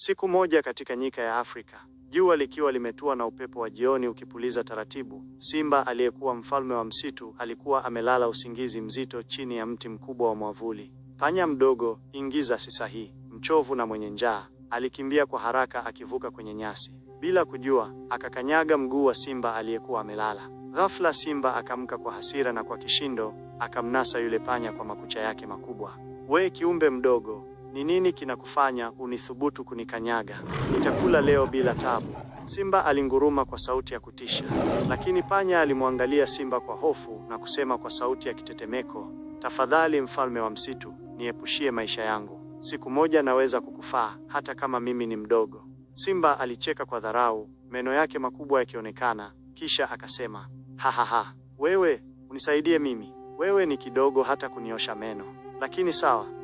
Siku moja katika nyika ya Afrika, jua likiwa limetua na upepo wa jioni ukipuliza taratibu, Simba aliyekuwa mfalme wa msitu alikuwa amelala usingizi mzito chini ya mti mkubwa wa mwavuli. Panya mdogo, ingiza si mchovu na mwenye njaa, alikimbia kwa haraka akivuka kwenye nyasi. Bila kujua, akakanyaga mguu wa Simba aliyekuwa amelala. Ghafla Simba akamka kwa hasira na kwa kishindo akamnasa yule panya kwa makucha yake makubwa. We kiumbe mdogo, ni nini kinakufanya unithubutu kunikanyaga? Nitakula leo bila tabu. Simba alinguruma kwa sauti ya kutisha, lakini panya alimwangalia Simba kwa hofu na kusema kwa sauti ya kitetemeko, tafadhali mfalme wa msitu, niepushie maisha yangu. Siku moja naweza kukufaa hata kama mimi ni mdogo. Simba alicheka kwa dharau, meno yake makubwa yakionekana, kisha akasema, hahaha, wewe unisaidie mimi, wewe ni kidogo hata kuniosha meno, lakini sawa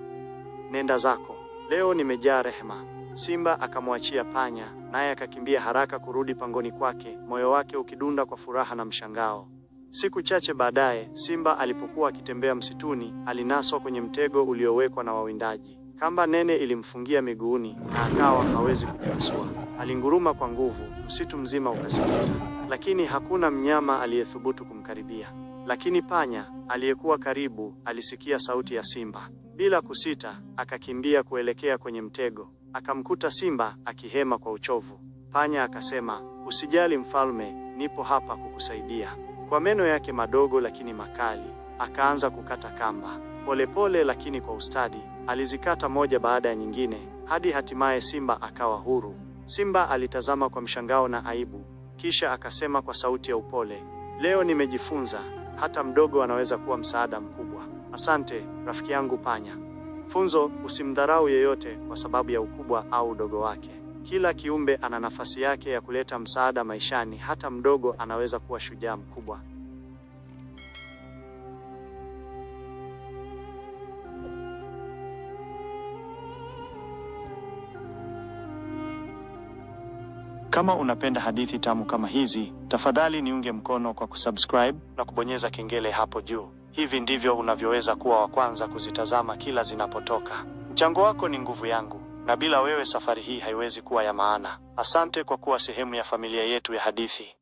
nenda zako leo, nimejaa rehema. Simba akamwachia panya, naye akakimbia haraka kurudi pangoni kwake, moyo wake ukidunda kwa furaha na mshangao. Siku chache baadaye, simba alipokuwa akitembea msituni, alinaswa kwenye mtego uliowekwa na wawindaji. Kamba nene ilimfungia miguuni na akawa hawezi kupasua Alinguruma kwa nguvu, msitu mzima ukasikika, lakini hakuna mnyama aliyethubutu kumkaribia. Lakini panya aliyekuwa karibu alisikia sauti ya simba. Bila kusita, akakimbia kuelekea kwenye mtego. Akamkuta simba akihema kwa uchovu. Panya akasema, usijali mfalme, nipo hapa kukusaidia. Kwa meno yake madogo lakini makali, akaanza kukata kamba polepole pole, lakini kwa ustadi. Alizikata moja baada ya nyingine hadi hatimaye simba akawa huru. Simba alitazama kwa mshangao na aibu, kisha akasema kwa sauti ya upole, leo nimejifunza, hata mdogo anaweza kuwa msaada mkubwa. Asante rafiki yangu panya. Funzo: usimdharau yeyote kwa sababu ya ukubwa au udogo wake. Kila kiumbe ana nafasi yake ya kuleta msaada maishani. Hata mdogo anaweza kuwa shujaa mkubwa. Kama unapenda hadithi tamu kama hizi, tafadhali niunge mkono kwa kusubscribe na kubonyeza kengele hapo juu. Hivi ndivyo unavyoweza kuwa wa kwanza kuzitazama kila zinapotoka. Mchango wako ni nguvu yangu, na bila wewe safari hii haiwezi kuwa ya maana. Asante kwa kuwa sehemu ya familia yetu ya hadithi.